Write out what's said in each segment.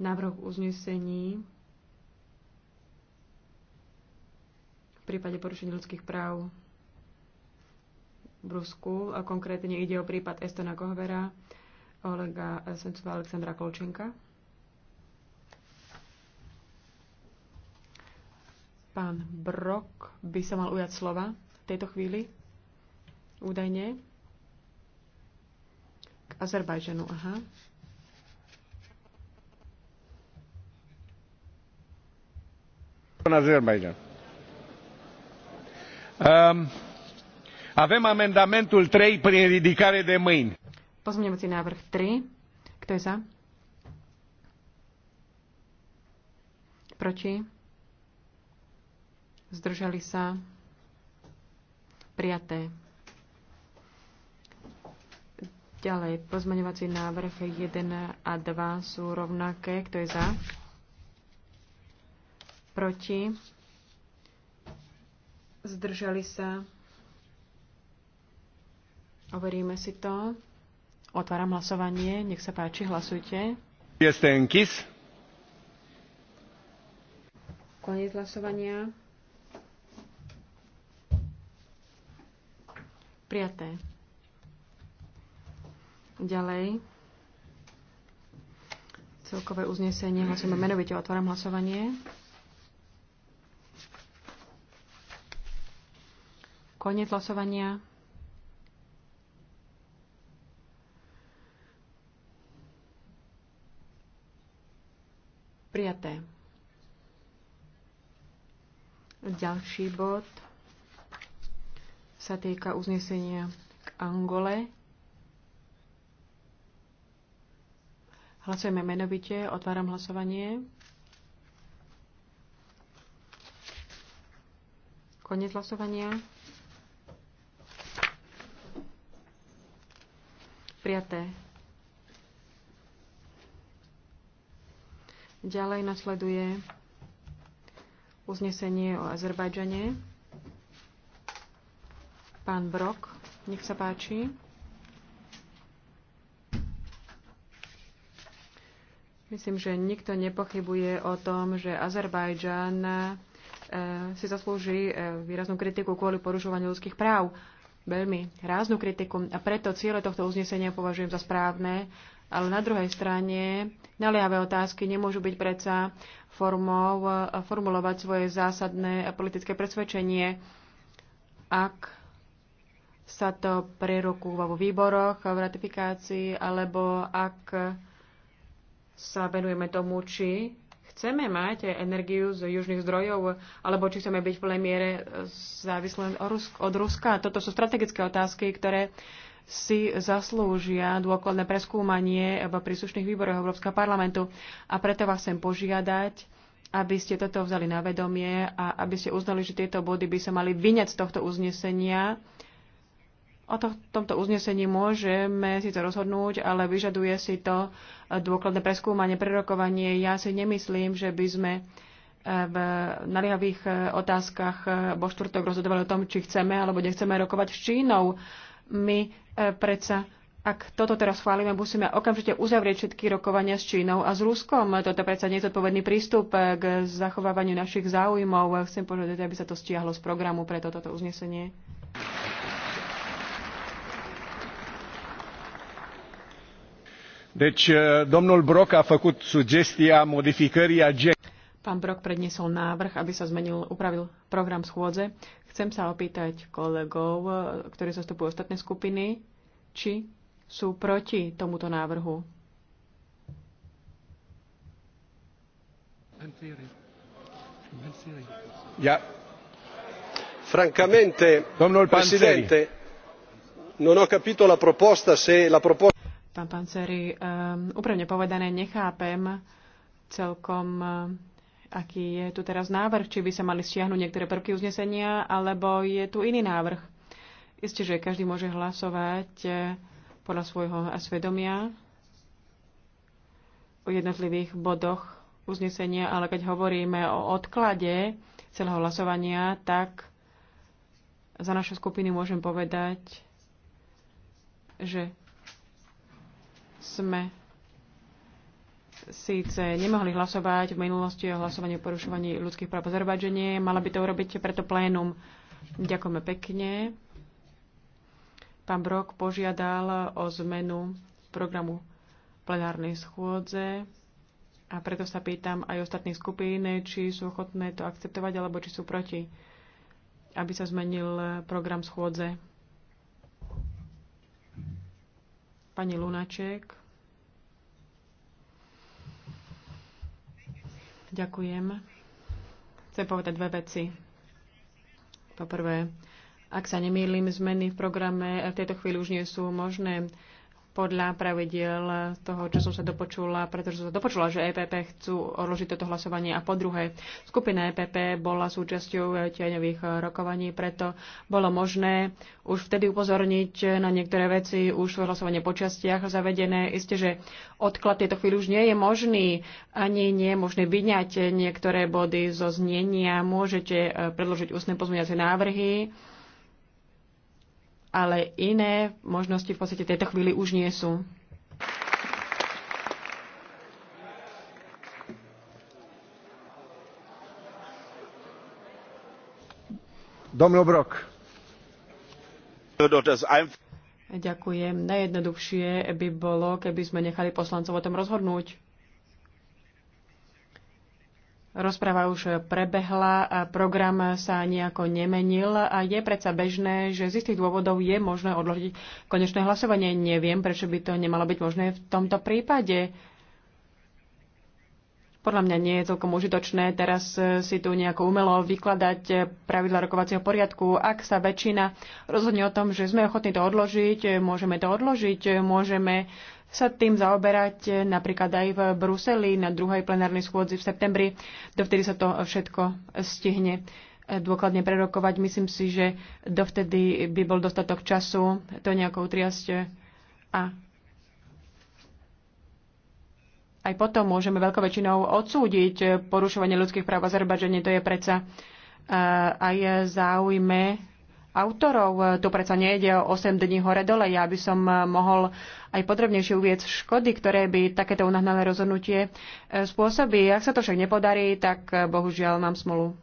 návrh uznesení v prípade porušenia ľudských práv v Rusku. A konkrétne ide o prípad Estona Kohvera, Olega Sencova Aleksandra Kolčenka. Pán Brok by sa mal ujať slova v tejto chvíli, údajne. K Azerbajžanu, aha. Um, avem amendamentul 3 prin ridicare de mâini. Pozmeňujúci návrh 3. Kto je za? Proti? Zdržali sa? Prijaté. Ďalej, pozmeňovací návrh 1 a 2 sú rovnaké. Kto je za? proti, zdržali sa. Overíme si to. Otváram hlasovanie. Nech sa páči, hlasujte. Este Koniec hlasovania. Prijaté. Ďalej. Celkové uznesenie hlasujeme menovite. Otváram hlasovanie. Konec hlasovania. Prijaté. Ďalší bod sa týka uznesenia k Angole. Hlasujeme menovite. Otváram hlasovanie. Konec hlasovania. prijaté. Ďalej nasleduje uznesenie o Azerbajdžane. Pán Brok, nech sa páči. Myslím, že nikto nepochybuje o tom, že Azerbajdžan eh, si zaslúži eh, výraznú kritiku kvôli porušovaniu ľudských práv veľmi ráznu kritiku a preto ciele tohto uznesenia považujem za správne, ale na druhej strane naliehavé otázky nemôžu byť predsa formou e, formulovať svoje zásadné politické presvedčenie, ak sa to prerokúva vo výboroch, v ratifikácii, alebo ak sa venujeme tomu, či chceme mať energiu z južných zdrojov, alebo či chceme byť v plnej miere závislí od Ruska. Toto sú strategické otázky, ktoré si zaslúžia dôkladné preskúmanie v príslušných výboroch Európskeho parlamentu. A preto vás chcem požiadať, aby ste toto vzali na vedomie a aby ste uznali, že tieto body by sa mali vyňať z tohto uznesenia, O to, tomto uznesení môžeme si to rozhodnúť, ale vyžaduje si to eh, dôkladné preskúmanie, prerokovanie. Ja si nemyslím, že by sme eh, v naliehavých eh, otázkach vo štvrtok rozhodovali o tom, či chceme alebo nechceme rokovať s Čínou. My predsa, ak toto teraz chválime, musíme okamžite uzavrieť všetky rokovania s Čínou a s Ruskom. Toto predsa nezodpovedný prístup k zachovávaniu našich záujmov. Chcem požiadať, aby sa to stiahlo z programu pre toto uznesenie. E, Pán Brok predniesol návrh, aby sa zmenil, upravil program schôdze. Chcem sa opýtať kolegov, e, ktorí zastupujú ostatné skupiny, či sú proti tomuto návrhu. Ja. Francamente, Domnul Presidente, non ho capito la proposta se la proposta Pán Panceri, um, úprimne povedané, nechápem celkom, eh, aký je tu teraz návrh, či by sa mali stiahnuť niektoré prvky uznesenia, alebo je tu iný návrh. Isté, že každý môže hlasovať eh, podľa svojho svedomia o jednotlivých bodoch uznesenia, ale keď hovoríme o odklade celého hlasovania, tak za našu skupinu môžem povedať, že sme síce nemohli hlasovať v minulosti o hlasovaní o porušovaní ľudských práv v Azerbajdžane. Mala by to urobiť preto plénum. Ďakujeme pekne. Pán Brok požiadal o zmenu programu plenárnej schôdze a preto sa pýtam aj ostatných skupín, či sú ochotné to akceptovať alebo či sú proti, aby sa zmenil program schôdze. Pani Lunaček. Ďakujem. Chcem povedať dve veci. Poprvé, ak sa nemýlim, zmeny v programe v tejto chvíli už nie sú možné podľa pravidiel toho, čo som sa dopočula, pretože som sa dopočula, že EPP chcú odložiť toto hlasovanie. A po druhé, skupina EPP bola súčasťou tieňových rokovaní, preto bolo možné už vtedy upozorniť na niektoré veci, už hlasovanie po častiach zavedené. Isté, že odklad tejto chvíli už nie je možný, ani nie je možné vyňať niektoré body zo znenia. Môžete eh, predložiť ústne pozmeniace návrhy ale iné možnosti v podstate tejto chvíli už nie sú. Domnul Ďakujem. Najjednoduchšie by bolo, keby sme nechali poslancov o tom rozhodnúť. Rozpráva už prebehla a program sa nejako nemenil a je predsa bežné, že z istých dôvodov je možné odložiť konečné hlasovanie. Neviem, prečo by to nemalo byť možné v tomto prípade. Podľa mňa nie je celkom užitočné teraz si tu nejako umelo vykladať pravidla rokovacieho poriadku. Ak sa väčšina rozhodne o tom, že sme ochotní to odložiť, môžeme to odložiť, môžeme sa tým zaoberať napríklad aj v Bruseli na druhej plenárnej schôdzi v septembri. Dovtedy sa to všetko stihne dôkladne prerokovať. Myslím si, že dovtedy by bol dostatok času to nejakou triasť. a aj potom môžeme veľkou väčšinou odsúdiť porušovanie ľudských práv v Azerbajdžane. To je predsa eh, aj záujme autorov. Tu predsa nejde o 8 dní hore dole. Ja by som eh, mohol aj podrobnejšie uvieť škody, ktoré by takéto unahnalé rozhodnutie eh, spôsobí. Ak sa to však nepodarí, tak eh, bohužiaľ mám smolu.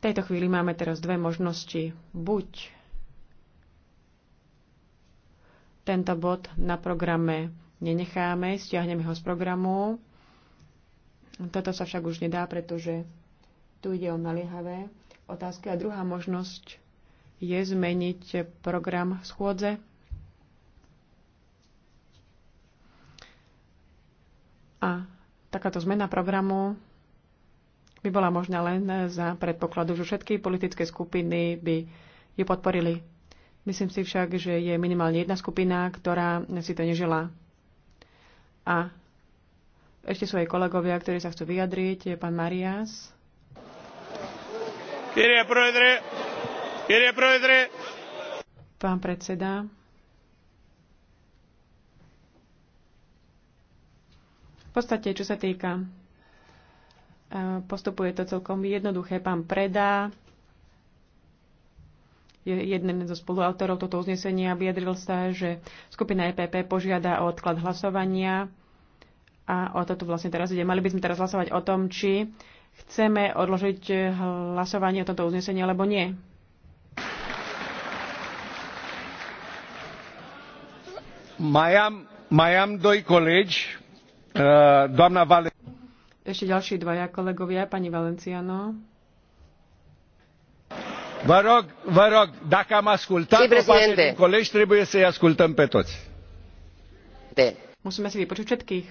V tejto chvíli máme teraz dve možnosti. Buď tento bod na programe nenecháme, stiahneme ho z programu No, toto sa však už nedá, pretože tu ide o naliehavé otázky. A druhá možnosť je zmeniť program schôdze. A takáto zmena programu by bola možná len za predpokladu, že všetky politické skupiny by ju podporili. Myslím si však, že je minimálne jedna skupina, ktorá si to neželá. A ešte sú aj kolegovia, ktorí sa chcú vyjadriť. Je pán Marias. Pán predseda. V podstate, čo sa týka, e, postupuje to celkom jednoduché. Pán Preda je jeden zo spoluautorov toto uznesenia. Vyjadril sa, že skupina EPP požiada o odklad hlasovania a o toto vlastne teraz ide. Mali by sme teraz hlasovať o tom, či chceme odložiť hlasovanie o tomto uznesení alebo nie. Majam, majam doj am doi eh, doamna Vale... Ešte ďalší dvaja kolegovia, pani Valenciano. Vă rog, vă rog, dacă am ascultat o parte din colegi, trebuie să-i ascultăm pe toți. De. Musíme si vypočuť všetkých.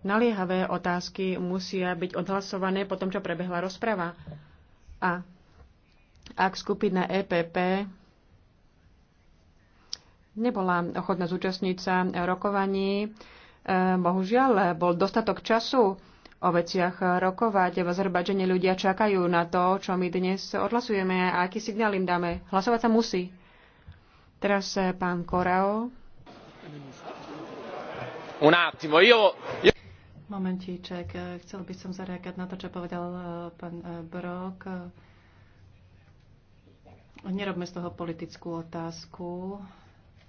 Naliehavé otázky musia byť odhlasované po tom, čo prebehla rozprava. A ak skupina EPP nebola ochotná zúčastniť sa rokovaní, e, bohužiaľ, bol dostatok času o veciach rokovať. V Azerbajdžane ľudia čakajú na to, čo my dnes odhlasujeme a aký signál im dáme. Hlasovať sa musí. Teraz e, pán Korao. Un attimo, io... Momentíček, eh, chcel by som zareagať na to, čo povedal eh, pán eh, Brok. Nerobme z toho politickú otázku.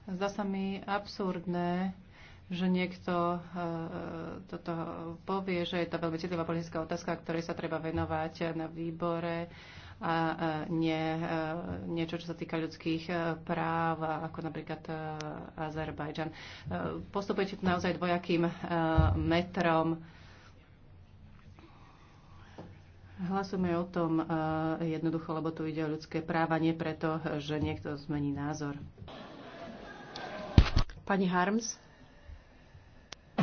Zdá sa mi absurdné, že niekto toto povie, že je to veľmi citlivá politická otázka, ktorej sa treba venovať na výbore a nie e, niečo, čo sa týka ľudských e, práv, ako napríklad e, Azerbajdžan. Postupujete naozaj dvojakým metrom. Hlasujeme o tom jednoducho, lebo tu ide o ľudské práva, nie preto, že niekto zmení názor. Pani Harms.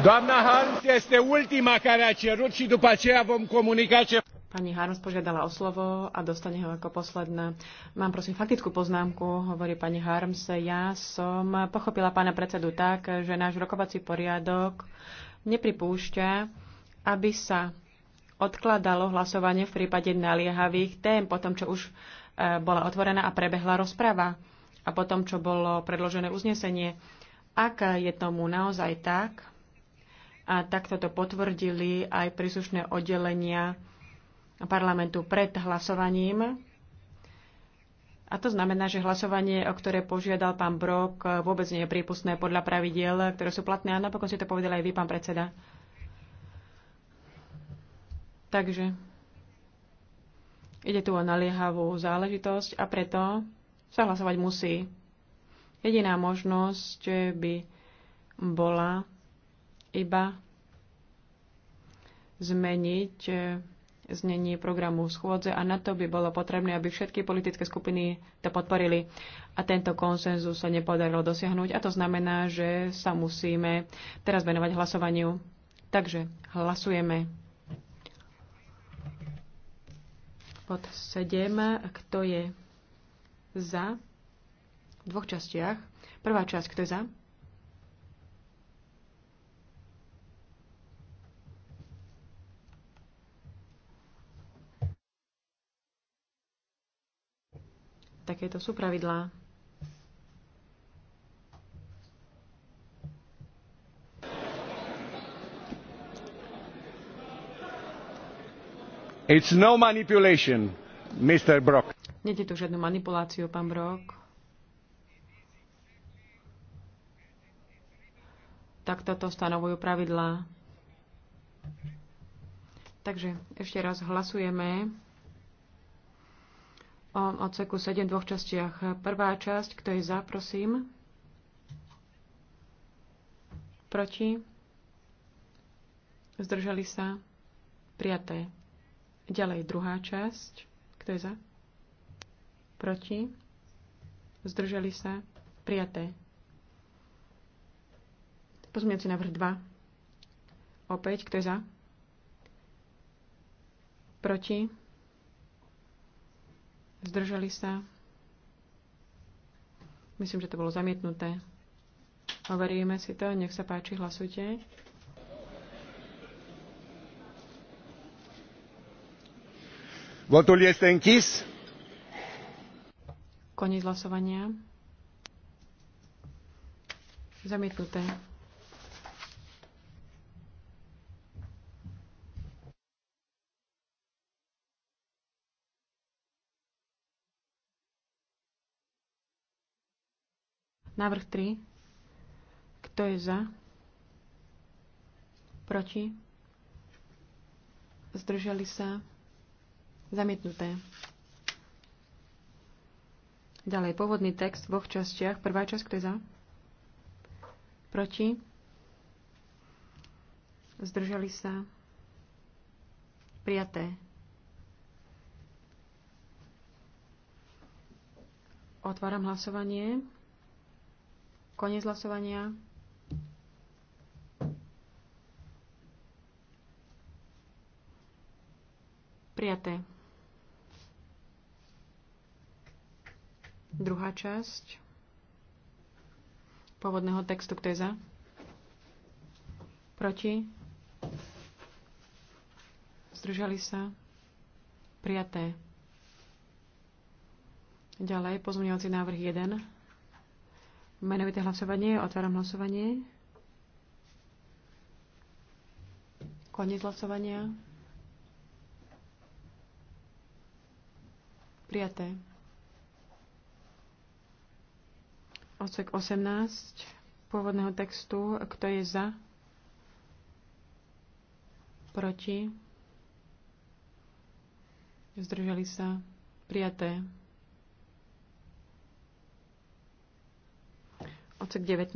Doamna Harms este ultima care a cerut și după aceea vom comunica ce... Pani Harms požiadala o slovo a dostane ho ako posledná. Mám prosím faktickú poznámku, hovorí pani Harms. Ja som pochopila pána predsedu tak, že náš rokovací poriadok nepripúšťa, aby sa odkladalo hlasovanie v prípade naliehavých tém, po tom, čo už e, bola otvorená a prebehla rozprava a potom, čo bolo predložené uznesenie. Ak je tomu naozaj tak, a takto to potvrdili aj príslušné oddelenia parlamentu pred hlasovaním. A to znamená, že hlasovanie, o ktoré požiadal pán Brok, vôbec nie je prípustné podľa pravidiel, ktoré sú platné. A napokon si to povedal aj vy, pán predseda. Takže ide tu o naliehavú záležitosť a preto sa hlasovať musí. Jediná možnosť by bola iba zmeniť znení programu schôdze a na to by bolo potrebné, aby všetky politické skupiny to podporili. A tento konsenzus sa nepodarilo dosiahnuť a to znamená, že sa musíme teraz venovať hlasovaniu. Takže hlasujeme. Pod 7, kto je za? V dvoch častiach. Prvá časť, kto je za? Takéto sú pravidlá. It's no manipulation, Mr. Brock. Nede tu žiadnu manipuláciu, pán Brock. Takto toto stanovujú pravidlá. Takže ešte raz hlasujeme o odseku 7 v dvoch častiach. Prvá časť, kto je za, prosím. Proti. Zdržali sa. Prijaté. Ďalej druhá časť. Kto je za? Proti. Zdržali sa. Prijaté. Pozmiaci návrh 2. Opäť, kto je za? Proti. Zdržali sa? Myslím, že to bolo zamietnuté. Overíme si to. Nech sa páči, hlasujte. Votul este închis. Koniec hlasovania. Zamietnuté. Návrh 3. Kto je za? Proti? Zdržali sa? Zamietnuté. Ďalej, pôvodný text v dvoch častiach. Prvá časť, kto je za? Proti? Zdržali sa? Prijaté. Otváram hlasovanie. Konec hlasovania. Prijaté. Druhá časť pôvodného textu, kto je za? Proti? Zdržali sa? Prijaté. Ďalej, pozmeňovací návrh 1. Menovité hlasovanie. Otváram hlasovanie. Koniec hlasovania. Prijaté. Odsek 18 pôvodného textu. Kto je za? Proti? Zdržali sa? Prijaté. Ocek 19.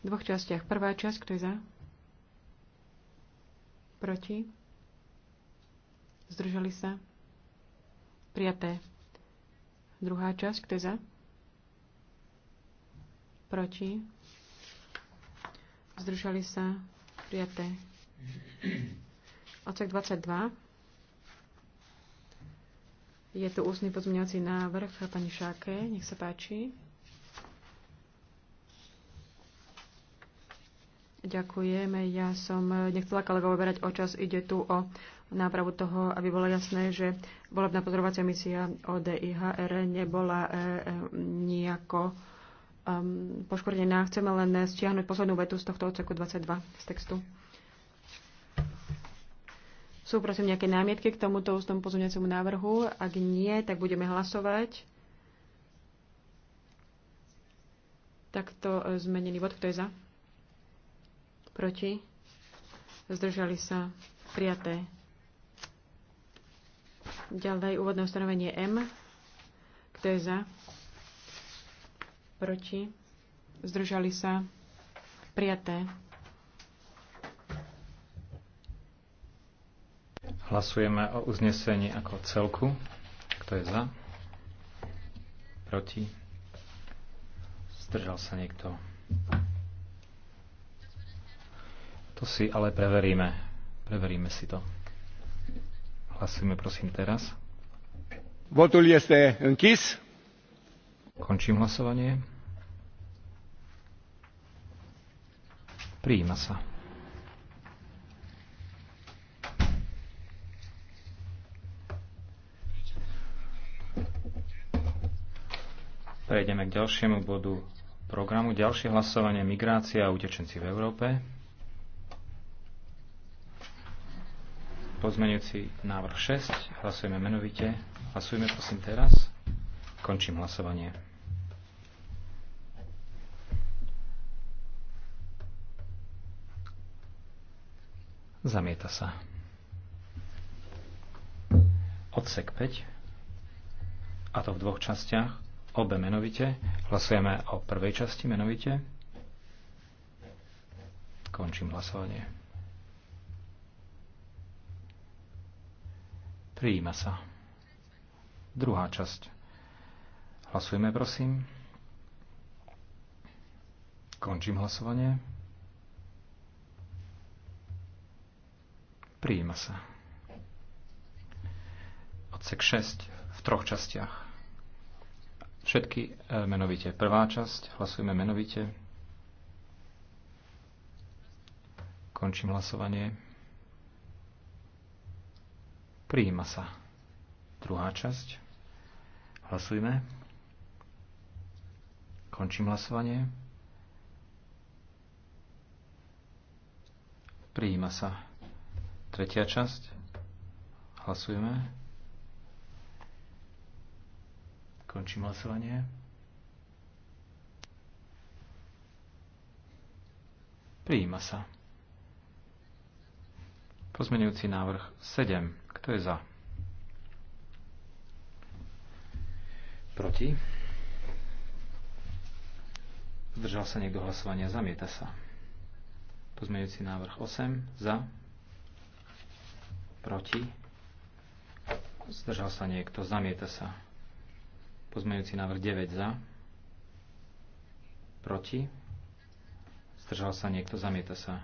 V dvoch častiach. Prvá časť, kto je za? Proti? Zdržali sa? Prijaté. Druhá časť, kto je za? Proti? Zdržali sa? Prijaté. Ocek 22. Je tu ústny pozmeňovací návrh pani Šáke. Nech sa páči. Ďakujem. Ja som eh, nechcela kolegov oberať o čas. Ide tu o nápravu toho, aby bolo jasné, že volebná pozorovacia misia ODIHR nebola e, e, nejako um, poškodená. Chceme len stiahnuť poslednú vetu z tohto odseku 22 z textu. Sú prosím nejaké námietky k tomuto ústnom pozorňujúcemu návrhu? Ak nie, tak budeme hlasovať. Takto zmenený bod. Kto je za? proti, zdržali sa, prijaté. Ďalej úvodné ustanovenie M, kto je za, proti, zdržali sa, prijaté. Hlasujeme o uznesení ako celku. Kto je za? Proti? Zdržal sa niekto? To si ale preveríme. Preveríme si to. Hlasujme prosím teraz. Votul este închis. Končím hlasovanie. Prijíma sa. Prejdeme k ďalšiemu bodu programu. Ďalšie hlasovanie migrácia a utečenci v Európe. pozmeňujúci návrh 6. Hlasujeme menovite. Hlasujeme prosím teraz. Končím hlasovanie. Zamieta sa. Odsek 5. A to v dvoch častiach. Obe menovite. Hlasujeme o prvej časti menovite. Končím hlasovanie. Prijíma sa. Druhá časť. Hlasujeme, prosím. Končím hlasovanie. Prijíma sa. Odsek 6 v troch častiach. Všetky e, menovite. Prvá časť. Hlasujeme menovite. Končím hlasovanie. Prijíma sa. Druhá časť. Hlasujme. Končím hlasovanie. Prijíma sa. Tretia časť. Hlasujeme. Končím hlasovanie. Prijíma sa. Pozmenujúci návrh 7. Kto je za? Proti? Zdržal sa niekto hlasovania? Zamieta sa. Pozmeňujúci návrh 8. Za? Proti? Zdržal sa niekto? Zamieta sa. Pozmeňujúci návrh 9. Za? Proti? Zdržal sa niekto? Zamieta sa.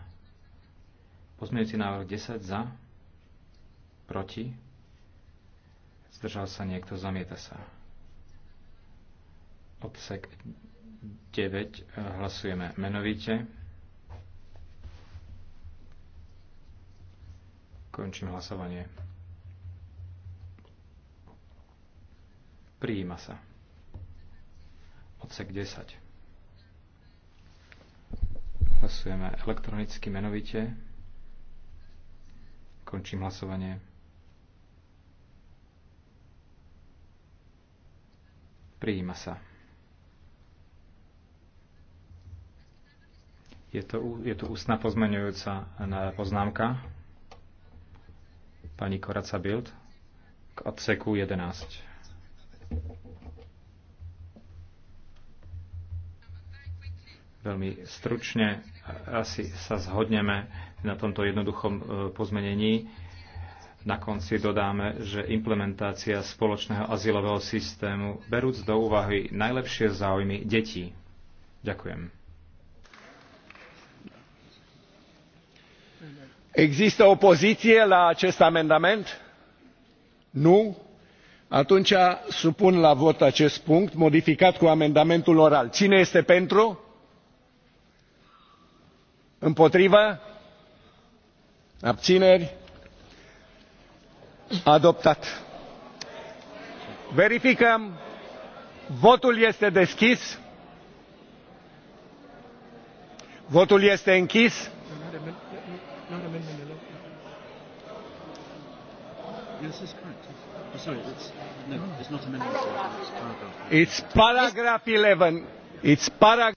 Pozmeňujúci návrh 10. Za? Proti? Zdržal sa niekto, zamieta sa. Odsek 9 eh, hlasujeme menovite. Končím hlasovanie. Prijíma sa. Odsek 10. Hlasujeme elektronicky menovite. Končím hlasovanie. Prijíma sa. Je, to, je tu ústna pozmeňujúca e, poznámka pani Koraca Bild k odseku 11. Veľmi stručne e, asi sa zhodneme na tomto jednoduchom e, pozmenení na konci dodáme, že implementácia spoločného azylového systému berúc do úvahy najlepšie záujmy detí. Ďakujem. Există opoziție la acest amendament? Nu? Atunci supun la vot acest punct modificat cu amendamentul oral. Cine este pentru? Împotrivă? Abțineri? adoptat. verificăm votul este deschis votul este închis It's paragraph 11. It's parag-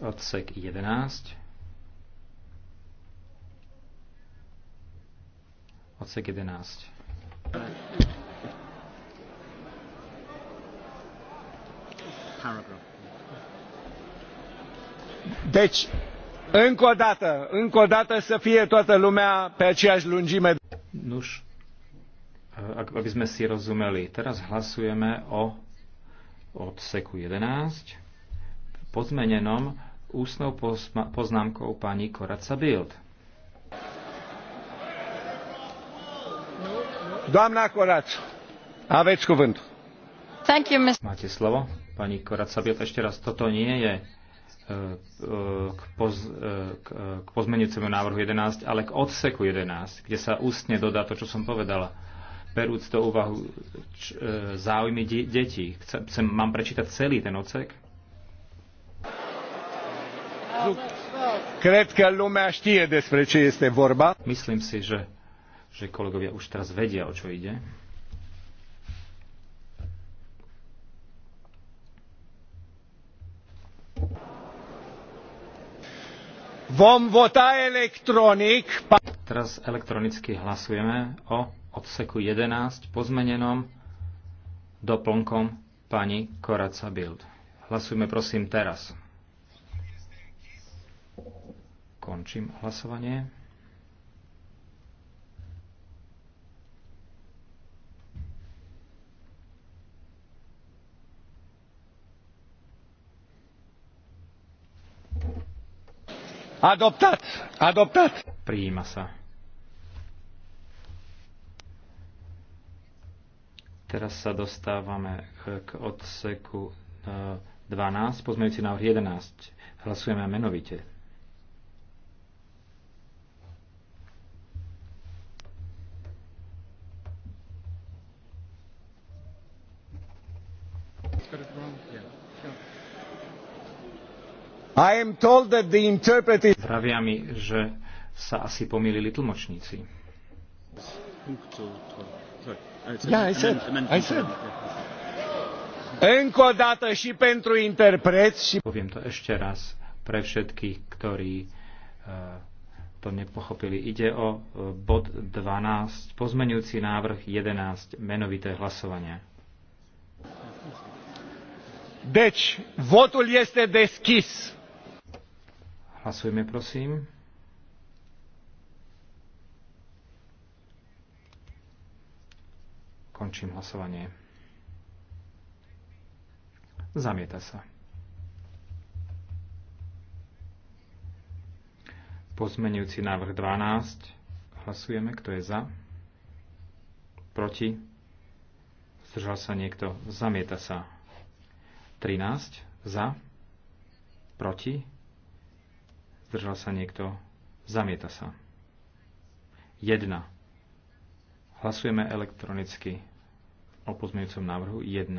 Odsek 11. Odsek 11. Deci, încă o dată, încă o dată să fie toată lumea pe aceeași lungime. Nuž, aby sme si rozumeli, teraz hlasujeme o odseku 11 pozmenenom ústnou poznámkou pani Koraca Bild. Doamna Coraț, aveți cuvânt. Thank you, Mr. Máte slovo, pani Koraca Biet. Ešte raz, toto nie je e, e, k, poz, e, k pozmenujúcemu návrhu 11, ale k odseku 11, kde sa ústne dodá to, čo som povedala berúc do úvahu č, záujmy de- detí. Chcem, chcem, mám prečítať celý ten odsek? Cred că lumea știe despre ce este vorba. Myslím si, že že kolegovia už teraz vedia, o čo ide. Vom vota elektronik. Teraz elektronicky hlasujeme o odseku 11 pozmenenom doplnkom pani Koraca Bild. Hlasujme prosím teraz. Končím hlasovanie. Adoptat. Adoptat. Prijíma sa. Teraz sa dostávame k odseku 12, e, pozmeňujúci návrh 11. Hlasujeme menovite. Yeah. Sure. I am told that the interpretive... Zdravia mi, že sa asi pomýlili tlmočníci. Yeah, I și pentru interpreți Poviem to ešte raz pre všetkých, ktorí e, to nepochopili. Ide o e, bod 12, pozmenujúci návrh 11, menovité hlasovanie. Deci, votul este deschis. Hlasujme, prosím. Končím hlasovanie. Zamieta sa. Pozmenujúci návrh 12. Hlasujeme, kto je za. Proti. Zdržal sa niekto. Zamieta sa. 13. Za. Proti. Zdržal sa niekto? Zamieta sa. 1. Hlasujeme elektronicky o pozmeňujúcom návrhu 1.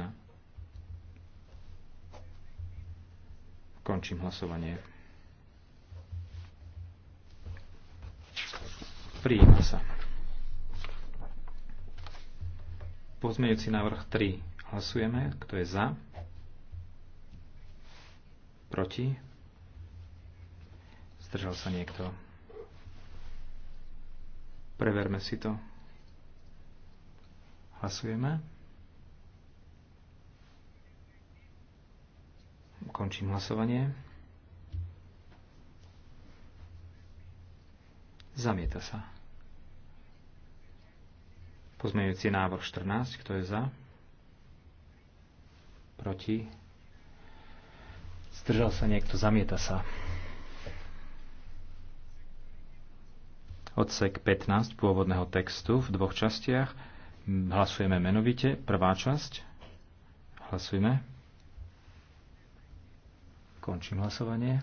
Končím hlasovanie. Prijíma sa. Pozmeňujúci návrh 3. Hlasujeme. Kto je za? Proti? Zdržal sa niekto? Preverme si to. Hlasujeme. Končím hlasovanie. Zamieta sa. Pozmeňujúci návrh 14, kto je za? Proti? Zdržal sa niekto, zamieta sa. Odsek 15 pôvodného textu v dvoch častiach. Hlasujeme menovite. Prvá časť. Hlasujeme. Končím hlasovanie.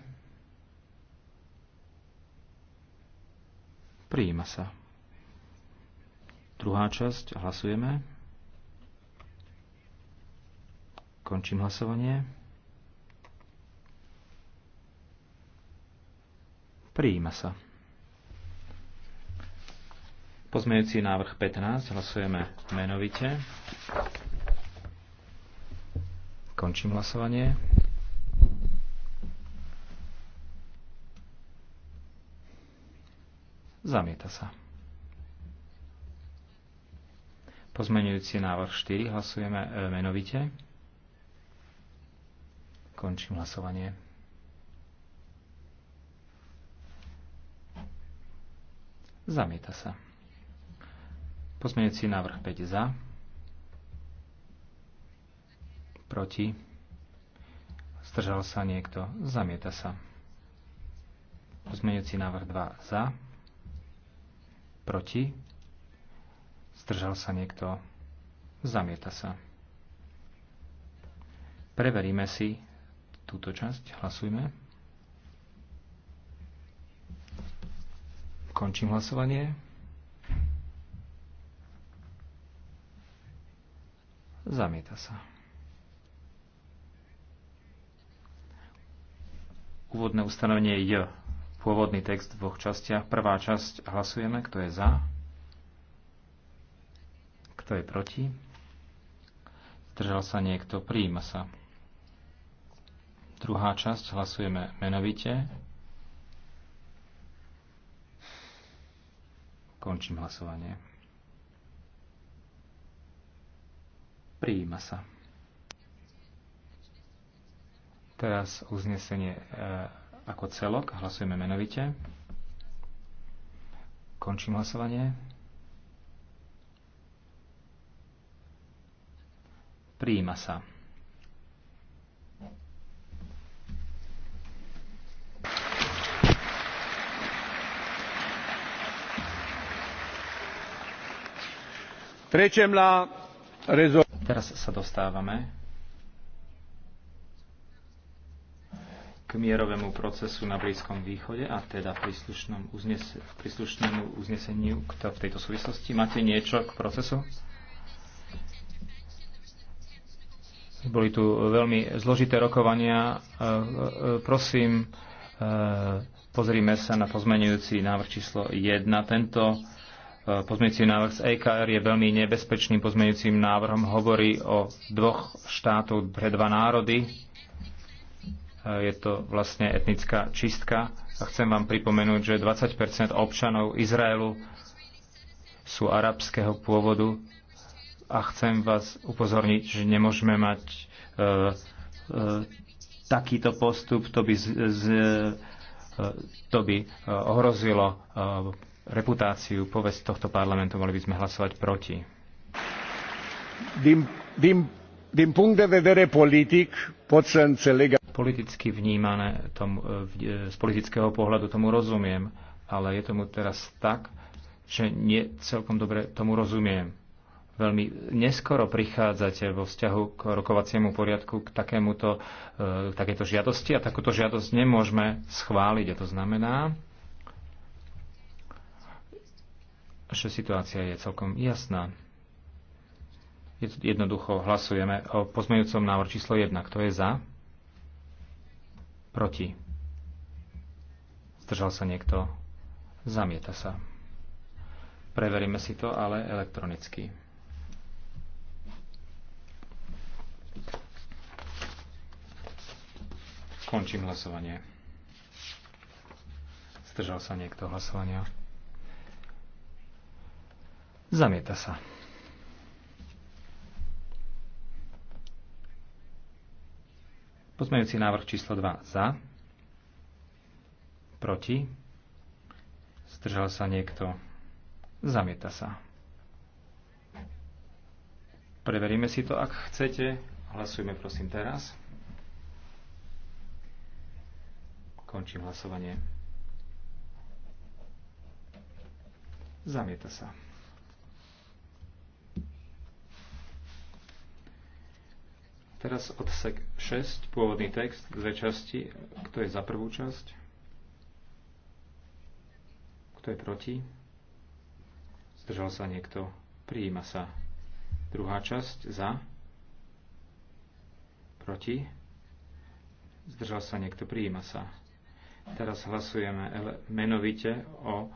Prijíma sa. Druhá časť. Hlasujeme. Končím hlasovanie. Prijíma sa. Pozmejúci návrh 15. Hlasujeme menovite. Končím hlasovanie. Zamieta sa. Pozmenujúci návrh 4 hlasujeme e, menovite. Končím hlasovanie. Zamieta sa si návrh 5 za. Proti. Zdržal sa niekto. Zamieta sa. si návrh 2 za. Proti. Zdržal sa niekto. Zamieta sa. Preveríme si túto časť. Hlasujme. Končím hlasovanie. Zamieta sa. Úvodné ustanovenie J. Pôvodný text v dvoch častiach. Prvá časť hlasujeme, kto je za, kto je proti. Zdržal sa niekto, prijíma sa. Druhá časť hlasujeme menovite. Končím hlasovanie. Prijíma sa. Teraz uznesenie e, ako celok. Hlasujeme menovite. Končím hlasovanie. Prijíma sa. Trečem na Teraz sa dostávame k mierovému procesu na Blízkom východe a teda príslušnom uznese, príslušnému uzneseniu v tejto súvislosti. Máte niečo k procesu? Boli tu veľmi zložité rokovania. E, e, prosím, e, pozrime sa na pozmenujúci návrh číslo 1. Tento Pozmeňujúci návrh z EKR je veľmi nebezpečným pozmeňujúcim návrhom. Hovorí o dvoch štátoch pre dva národy. Je to vlastne etnická čistka. A chcem vám pripomenúť, že 20 občanov Izraelu sú arabského pôvodu a chcem vás upozorniť, že nemôžeme mať e, e, takýto postup, to by, z, z, e, to by e, ohrozilo e, reputáciu, povesť tohto parlamentu, mali by sme hlasovať proti. Din, din, din punct de vedere politic pot să înțeleg... Politicky vnímané tom, e, e, z politického pohľadu tomu rozumiem, ale je tomu teraz tak, že nie celkom dobre tomu rozumiem. Veľmi neskoro prichádzate vo vzťahu k rokovaciemu poriadku k, takémuto, e, k takéto žiadosti a takúto žiadosť nemôžeme schváliť. A to znamená, že situácia je celkom jasná. Jednoducho hlasujeme o pozmeňujúcom návrhu číslo 1. Kto je za? Proti. Zdržal sa niekto? Zamieta sa. Preveríme si to, ale elektronicky. Končím hlasovanie. Zdržal sa niekto hlasovania. Zamieta sa. Pozmejúci návrh číslo 2 za. Proti. Zdržal sa niekto. Zamieta sa. Preveríme si to, ak chcete. Hlasujme prosím teraz. Končím hlasovanie. Zamieta sa. Teraz odsek 6, pôvodný text, dve časti. Kto je za prvú časť? Kto je proti? Zdržal sa niekto? Prijíma sa. Druhá časť za? Proti? Zdržal sa niekto? Prijíma sa. Teraz hlasujeme menovite o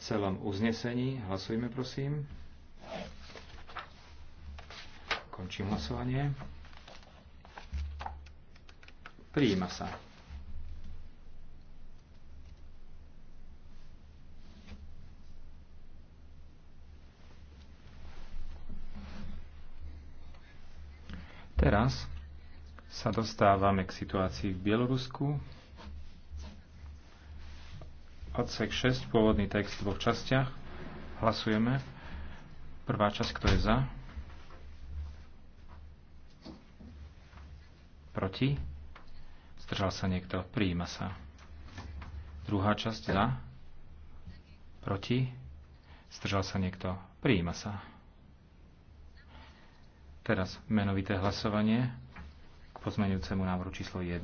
celom uznesení. Hlasujme, prosím. Končím hlasovanie. Prijíma sa. Teraz sa dostávame k situácii v Bielorusku. Odsek 6, pôvodný text v dvoch častiach. Hlasujeme. Prvá časť, kto je za? Proti? Zdržal sa niekto? Prijíma sa. Druhá časť za? Proti? Zdržal sa niekto? Prijíma sa. Teraz menovité hlasovanie k pozmeňujúcemu návrhu číslo 1.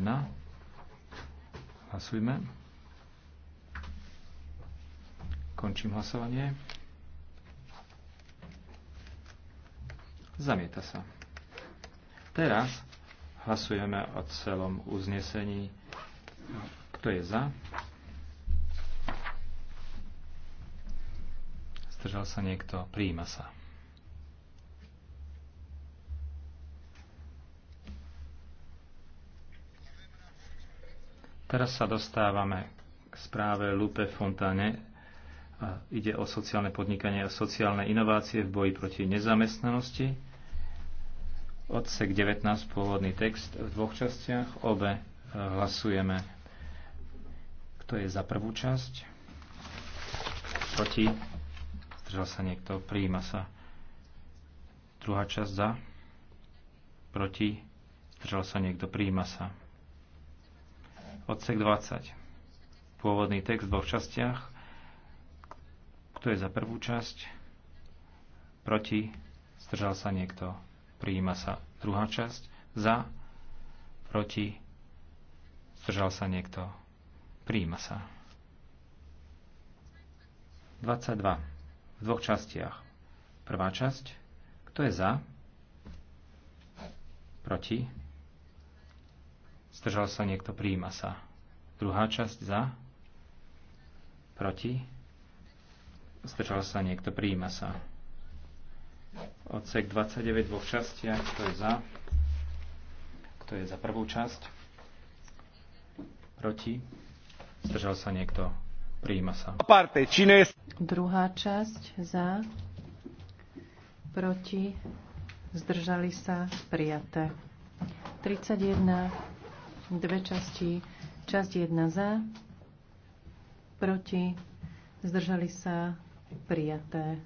Hlasujme. Končím hlasovanie. Zamieta sa. Teraz Hlasujeme o celom uznesení. Kto je za? Zdržal sa niekto? Príjima sa. Teraz sa dostávame k správe Lupe Fontane. Ide o sociálne podnikanie a sociálne inovácie v boji proti nezamestnanosti. Odsek 19, pôvodný text v dvoch častiach. Obe e, hlasujeme. Kto je za prvú časť? Proti? Zdržal sa niekto? Prijíma sa. Druhá časť za? Proti? Zdržal sa niekto? Prijíma sa. Odsek 20. Pôvodný text v dvoch častiach. Kto je za prvú časť? Proti? Zdržal sa niekto? prijíma sa druhá časť, za, proti, zdržal sa niekto, prijíma sa. 22. V dvoch častiach. Prvá časť, kto je za, proti, zdržal sa niekto, prijíma sa. Druhá časť za, proti, zdržal sa niekto, prijíma sa. Odsek 29 vo častiach, kto je za, kto je za prvú časť, proti, zdržal sa niekto, prijíma sa. Druhá časť za, proti, zdržali sa, prijaté. 31, dve časti, časť 1 za, proti, zdržali sa, prijaté.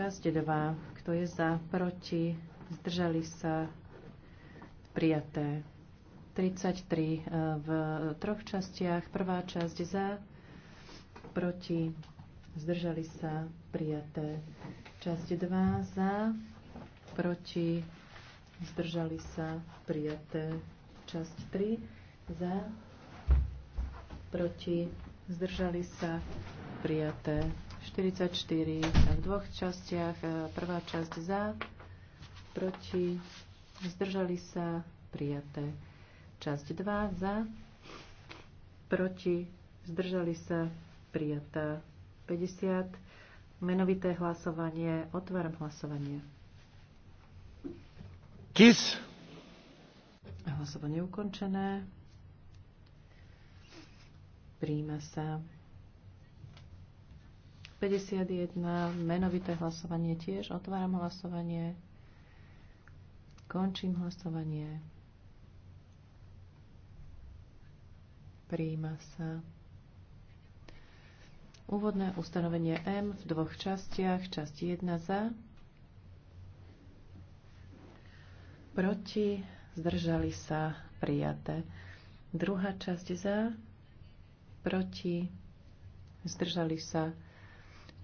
Časť 2. Kto je za, proti, zdržali sa, prijaté. 33 eh, v troch častiach. Prvá časť za, proti, zdržali sa, prijaté. Časť 2 za, proti, zdržali sa, prijaté. Časť 3 za, proti, zdržali sa, prijaté 44 v dvoch častiach. E, prvá časť za, proti, zdržali sa, prijaté. Časť 2 za, proti, zdržali sa, prijatá. 50. Menovité hlasovanie. Otváram hlasovanie. KIS. Hlasovanie ukončené. príjma sa. 51, menovité hlasovanie tiež. Otváram hlasovanie. Končím hlasovanie. Príjima sa. Úvodné ustanovenie M v dvoch častiach. Časť 1 za. Proti. Zdržali sa. Prijaté. Druhá časť za. Proti. Zdržali sa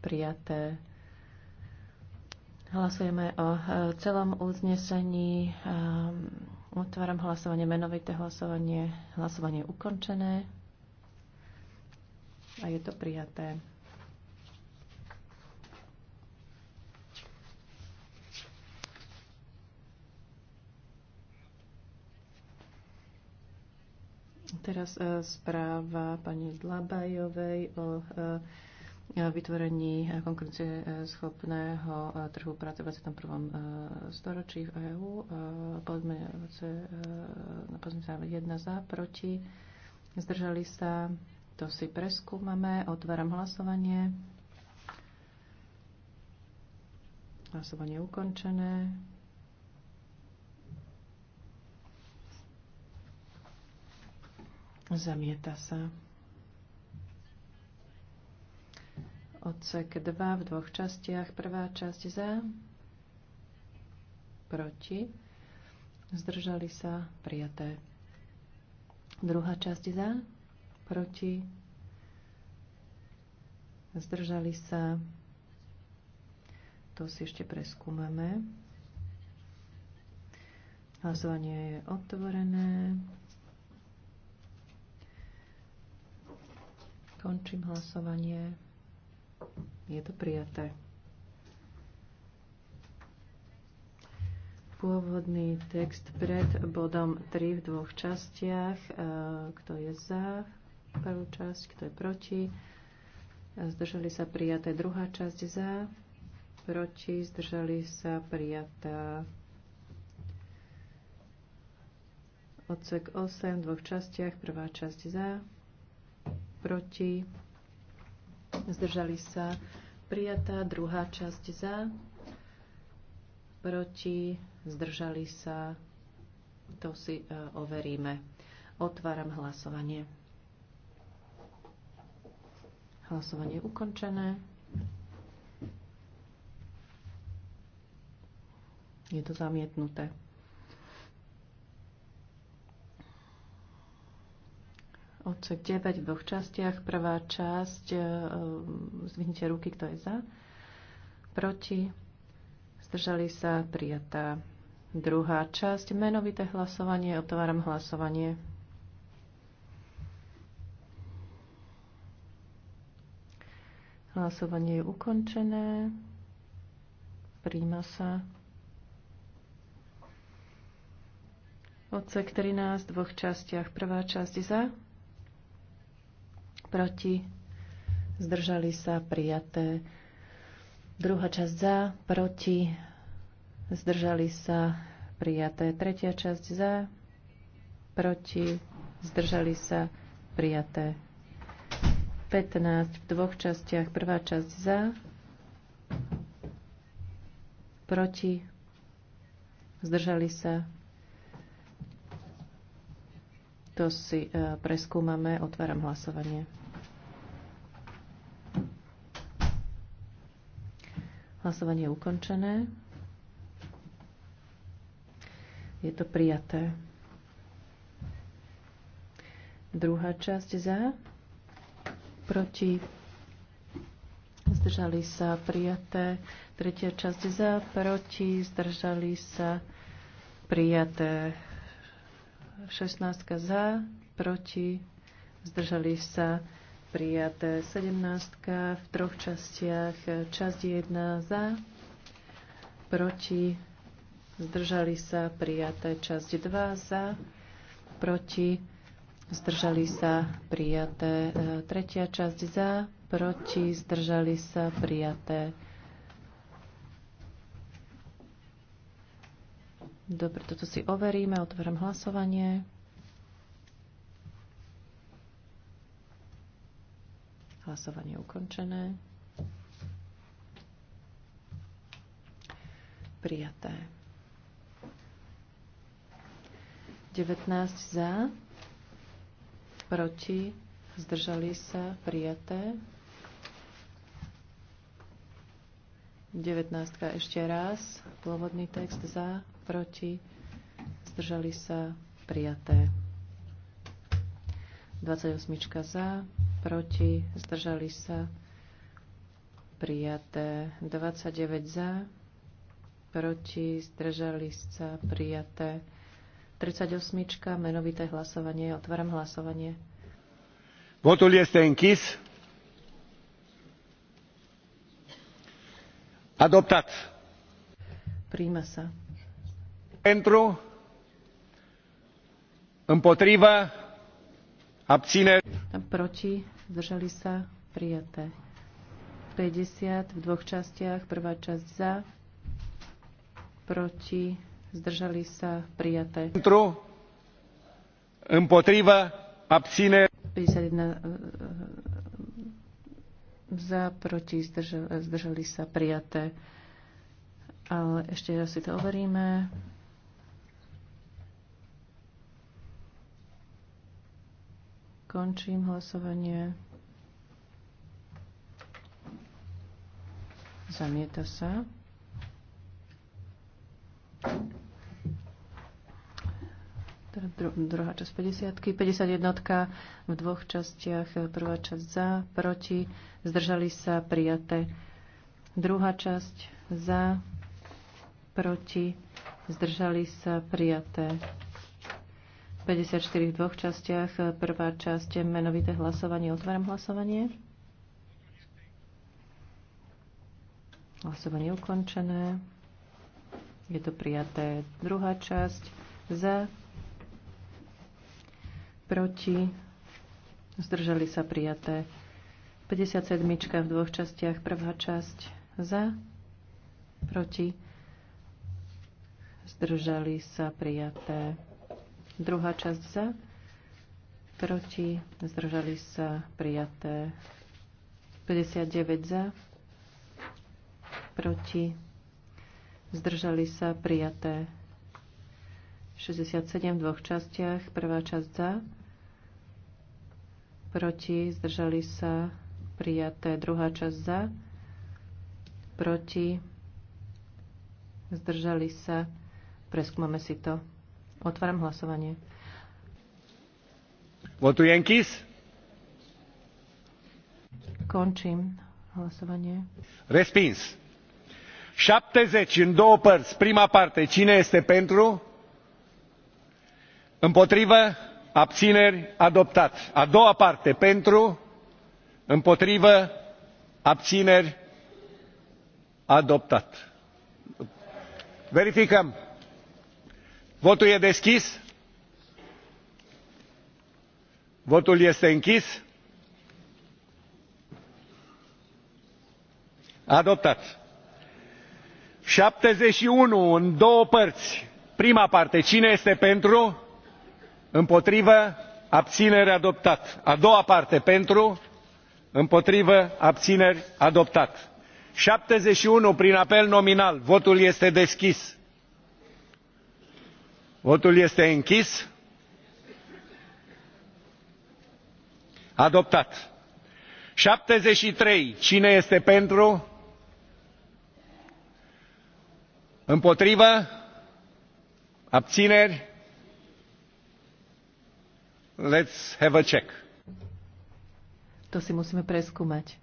prijaté. Hlasujeme o e, celom uznesení. E, otváram hlasovanie, menovité hlasovanie. Hlasovanie je ukončené a je to prijaté. Teraz e, správa pani Dlabajovej o vytvorení konkurencie e, schopného e, trhu práce v 21. E, storočí v EÚ. Pozme no, sa jedna za, proti. Zdržali sa. To si preskúmame. Otváram hlasovanie. Hlasovanie ukončené. Zamieta sa. Odsek 2 v dvoch častiach. Prvá časť za, proti, zdržali sa, prijaté. Druhá časť za, proti, zdržali sa. To si ešte preskúmame. Hlasovanie je otvorené. Končím hlasovanie. Je to prijaté. Pôvodný text pred bodom 3 v dvoch častiach. E, kto je za prvú časť, kto je proti. E, zdržali sa prijaté druhá časť za, proti, zdržali sa prijatá. Odsek 8 v dvoch častiach, prvá časť za, proti, zdržali sa, prijatá. Druhá časť za, proti, zdržali sa, to si e, overíme. Otváram hlasovanie. Hlasovanie je ukončené. Je to zamietnuté. odsek 9 v dvoch častiach. Prvá časť, e, e, zvinite ruky, kto je za, proti, zdržali sa, prijatá. Druhá časť, menovité hlasovanie, otváram hlasovanie. Hlasovanie je ukončené. Príjma sa. Odsek 13 v dvoch častiach. Prvá časť za, proti, zdržali sa prijaté. Druhá časť za, proti, zdržali sa prijaté. Tretia časť za, proti, zdržali sa prijaté. 15 v dvoch častiach. Prvá časť za, proti, zdržali sa to si e, preskúmame. Otváram hlasovanie. Hlasovanie je ukončené. Je to prijaté. Druhá časť za, proti, zdržali sa, prijaté. Tretia časť za, proti, zdržali sa, prijaté. 16 za, proti, zdržali sa prijaté 17 v troch častiach. Časť 1 za, proti, zdržali sa prijaté časť 2 za, proti, zdržali sa prijaté e, tretia časť za, proti, zdržali sa prijaté Dobre, toto si overíme. Otvorím hlasovanie. Hlasovanie ukončené. Prijaté. 19 za, proti, zdržali sa, prijaté. 19 ešte raz, pôvodný text za, proti, zdržali sa, prijaté. 28 za, proti, zdržali sa, prijaté. 29 za, proti, zdržali sa, prijaté. 38. menovité hlasovanie. Otváram hlasovanie. Votul este închis. Adoptat. Príjma sa. Pentru, împotriva, abține. Proti, zdržali sa, prijaté. 50 v dvoch častiach, prvá časť za, proti, zdržali sa, prijaté. Pentru, împotriva, abține. 51 e, e, za, proti, zdržali sa prijaté. Ale ešte raz si to overíme. skončím hlasovanie. Zamieta sa. Teda druhá časť 50. 51. v dvoch častiach. Prvá časť za, proti. Zdržali sa prijaté. Druhá časť za, proti. Zdržali sa prijaté. 54 v dvoch častiach. Prvá časť je menovité hlasovanie. Otváram hlasovanie. Hlasovanie ukončené. Je to prijaté druhá časť za, proti, zdržali sa prijaté. 57. v dvoch častiach, prvá časť za, proti, zdržali sa prijaté. Druhá časť za, proti, zdržali sa prijaté 59 za, proti, zdržali sa prijaté 67 v dvoch častiach, prvá časť za, proti, zdržali sa prijaté druhá časť za, proti, zdržali sa, preskúmame si to. Otváram hlasovanie. Votujem kis. Končím hlasovanie. Respins. 70 în două părți. Prima parte. Cine este pentru? Împotrivă? Abțineri? Adoptat. A doua parte. Pentru? Împotrivă? Abțineri? Adoptat. Verificăm votul e deschis votul este închis adoptat șaptezeci și unu în două părți prima parte cine este pentru împotrivă abținere adoptat a doua parte pentru împotrivă abțineri adoptat șaptezeci și unu prin apel nominal votul este deschis Votul este închis. Adoptat. 73. Cine este pentru? Împotrivă? Abțineri? Let's have a check. To si musíme preskúmať.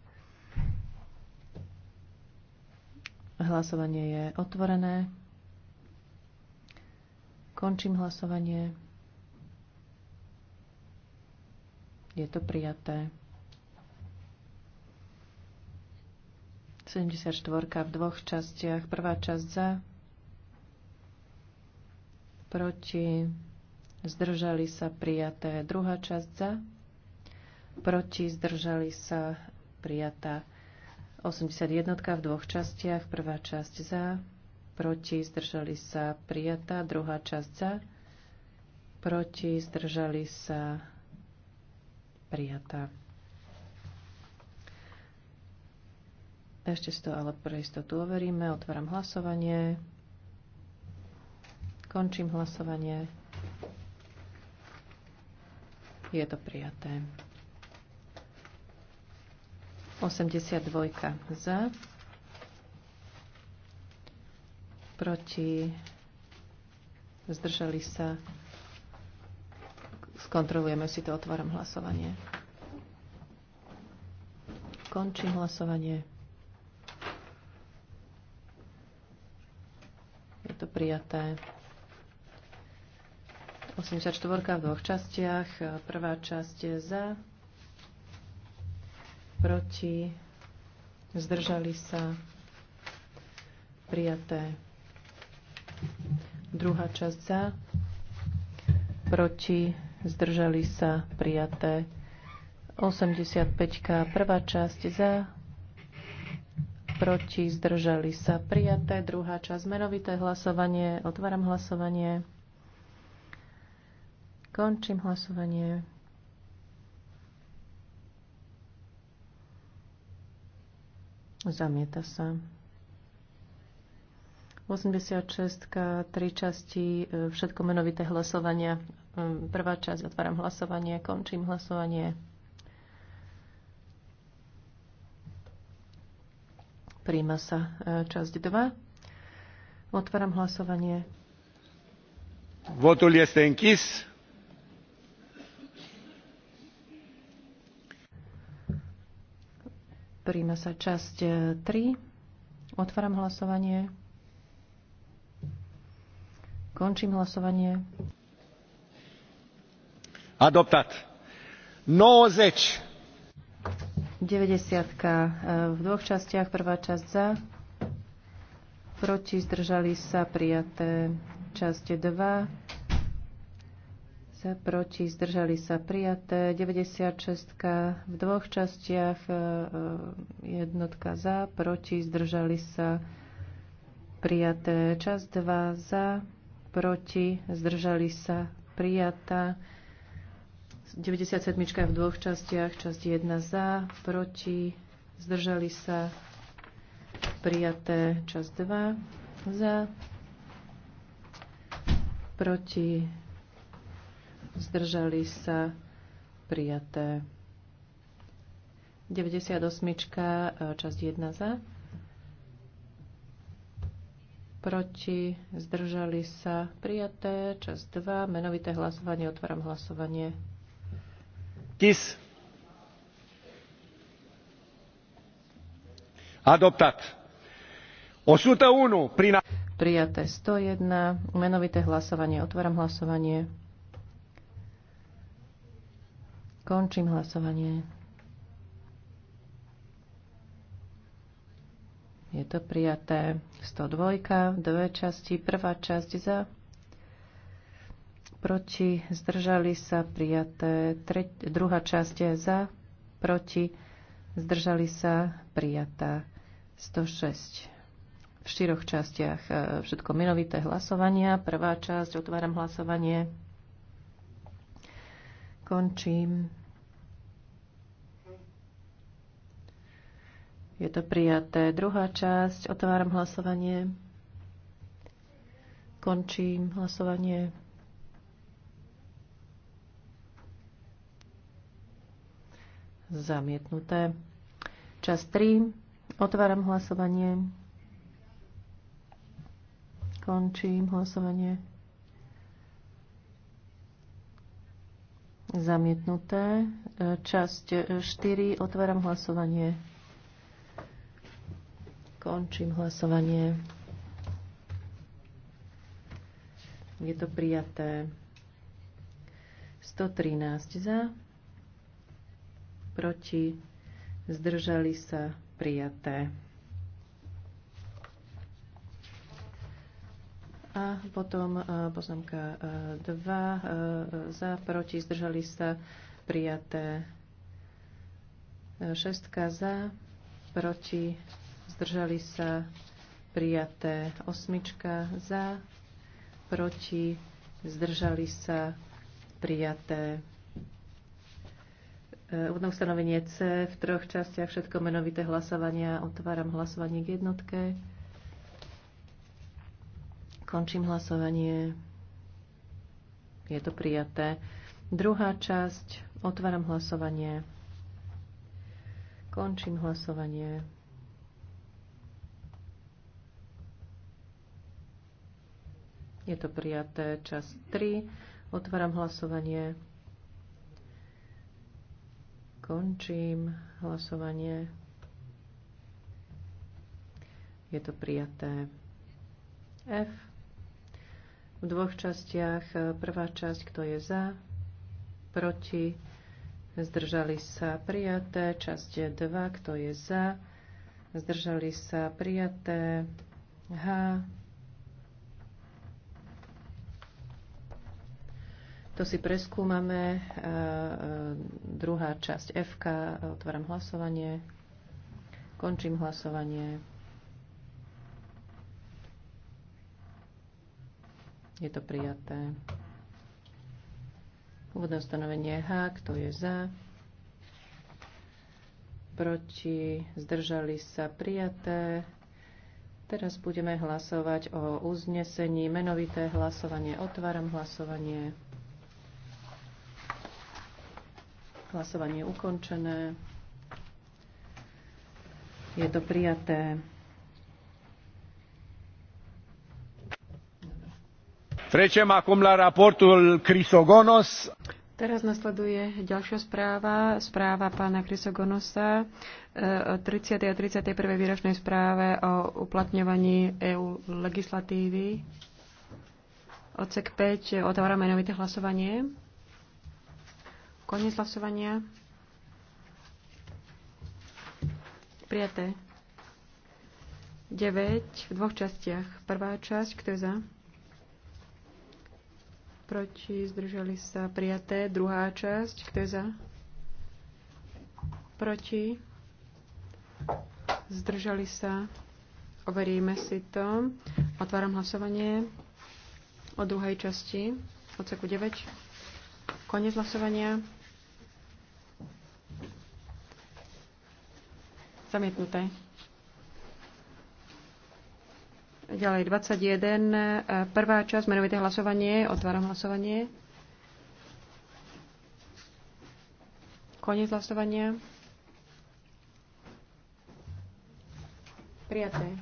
Hlasovanie je otvorené. Končím hlasovanie. Je to prijaté. 74 v dvoch častiach. Prvá časť za, proti, zdržali sa prijaté. Druhá časť za, proti, zdržali sa prijatá. 81 v dvoch častiach. Prvá časť za, proti, zdržali sa prijatá, druhá časť za, proti, zdržali sa prijatá. Ešte si to ale pre istotu overíme. Otváram hlasovanie. Končím hlasovanie. Je to prijaté. 82 za. proti, zdržali sa. Skontrolujeme si to, otváram hlasovanie. Končím hlasovanie. Je to prijaté. 84 v dvoch častiach. Prvá časť je za, proti, zdržali sa, prijaté. Druhá časť za, proti, zdržali sa, prijaté. 85. Prvá časť za, proti, zdržali sa, prijaté. Druhá časť menovité hlasovanie. Otváram hlasovanie. Končím hlasovanie. Zamieta sa. 86, tri časti, e, všetko menovité hlasovania. E, prvá časť, otváram hlasovanie, končím hlasovanie. Príjma sa e, časť 2. Otváram hlasovanie. Votul este închis. Príjma sa časť 3. Otváram hlasovanie. Končím hlasovanie. Adoptat. 90. 90. E, v dvoch častiach. Prvá časť za. Proti zdržali sa prijaté. Časť 2. Za proti zdržali sa prijaté. 96. V dvoch častiach. E, e, jednotka za. Proti zdržali sa prijaté. Časť 2 za proti, zdržali sa, prijatá. 97. v dvoch častiach, časť 1 za, proti, zdržali sa, prijaté, časť 2 za, proti, zdržali sa, prijaté. 98. E, časť 1 za, proti, zdržali sa, prijaté, čas 2, menovité hlasovanie, otváram hlasovanie. KIS. Adoptat. 101. Prina... Prijaté 101. Menovité hlasovanie. Otváram hlasovanie. Končím hlasovanie. Je to prijaté 102, dve časti, prvá časť za, proti, zdržali sa, prijaté, tre, druhá časť za, proti, zdržali sa, prijatá 106. V štyroch častiach e, všetko minovité hlasovania. Prvá časť, otváram hlasovanie. Končím. Je to prijaté. Druhá časť. Otváram hlasovanie. Končím hlasovanie. Zamietnuté. Čas 3. Otváram hlasovanie. Končím hlasovanie. Zamietnuté. Časť 4. Otváram hlasovanie. Končím hlasovanie. Je to prijaté. 113 za, proti, zdržali sa, prijaté. A potom e, poznámka 2, e, e, za, proti, zdržali sa, prijaté. 6 za, proti, zdržali sa, prijaté. Osmička za, proti, zdržali sa, prijaté. E, úvodné ustanovenie C v troch častiach všetko menovité hlasovania. Otváram hlasovanie k jednotke. Končím hlasovanie. Je to prijaté. Druhá časť. Otváram hlasovanie. Končím hlasovanie. Je to prijaté čas 3. Otváram hlasovanie. Končím hlasovanie. Je to prijaté F. V dvoch častiach. Prvá časť, kto je za, proti, zdržali sa prijaté. Časť 2, kto je za, zdržali sa prijaté. H To si preskúmame. E, e, druhá časť FK. Otváram hlasovanie. Končím hlasovanie. Je to prijaté. Úvodné ustanovenie H. Kto je za? Proti? Zdržali sa? Prijaté. Teraz budeme hlasovať o uznesení. Menovité hlasovanie. Otváram hlasovanie. Hlasovanie je ukončené. Je to prijaté. Trečem acum la raportul Crisogonos. Teraz nasleduje ďalšia správa, správa pána Krysogonosa e, o 30. a 31. výročnej správe o uplatňovaní EU legislatívy. Odsek 5. Otvárame novité hlasovanie. Koniec hlasovania. Prijaté. 9 v dvoch častiach. Prvá časť, kto je za? Proti, zdržali sa, prijaté. Druhá časť, kto je za? Proti, zdržali sa. Overíme si to. Otváram hlasovanie o druhej časti, odseku 9. Konec hlasovania. Zamietnuté. Ďalej 21. Prvá časť, menovité hlasovanie. Otváram hlasovanie. Koniec hlasovania. Prijaté.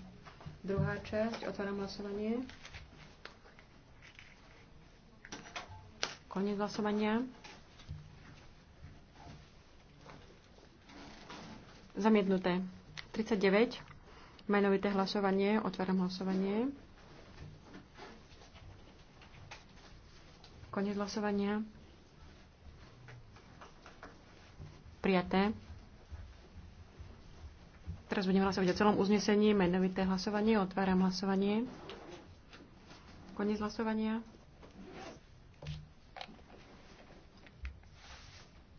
Druhá časť, otváram hlasovanie. Koniec hlasovania. Zamietnuté. 39. Menovité hlasovanie. Otváram hlasovanie. Konec hlasovania. Prijaté. Teraz budeme hlasovať o celom uznesení. Menovité hlasovanie. Otváram hlasovanie. Konec hlasovania.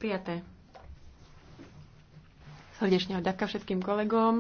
Prijaté. Srdečne ďakujem všetkým kolegom.